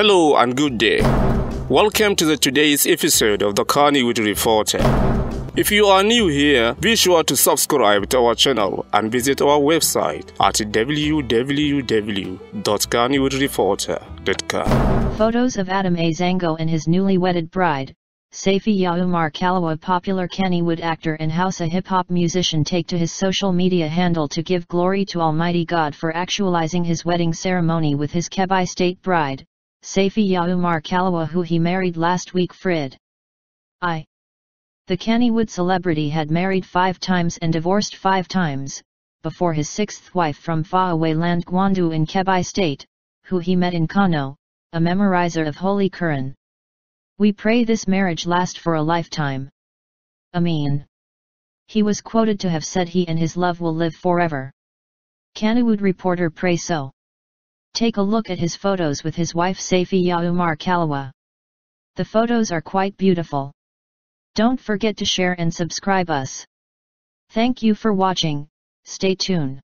Hello and good day. Welcome to the today's episode of the Carnewood Reporter. If you are new here, be sure to subscribe to our channel and visit our website at www.carnewoodreporter.com. Photos of Adam A. Zango and his newly wedded bride, Safi Yaumar Kalawa popular Kennywood actor and Hausa hip-hop musician take to his social media handle to give glory to Almighty God for actualizing his wedding ceremony with his Kebai state bride, Safiya Umar Kalawa who he married last week Frid. I. The Kennywood celebrity had married five times and divorced five times, before his sixth wife from faraway land Gwandu in Kebai State, who he met in Kano, a memorizer of Holy Quran. We pray this marriage last for a lifetime. Amin. He was quoted to have said he and his love will live forever. Kennywood reporter pray so. Take a look at his photos with his wife Safiya Umar Kalawa. The photos are quite beautiful. Don't forget to share and subscribe us. Thank you for watching, stay tuned.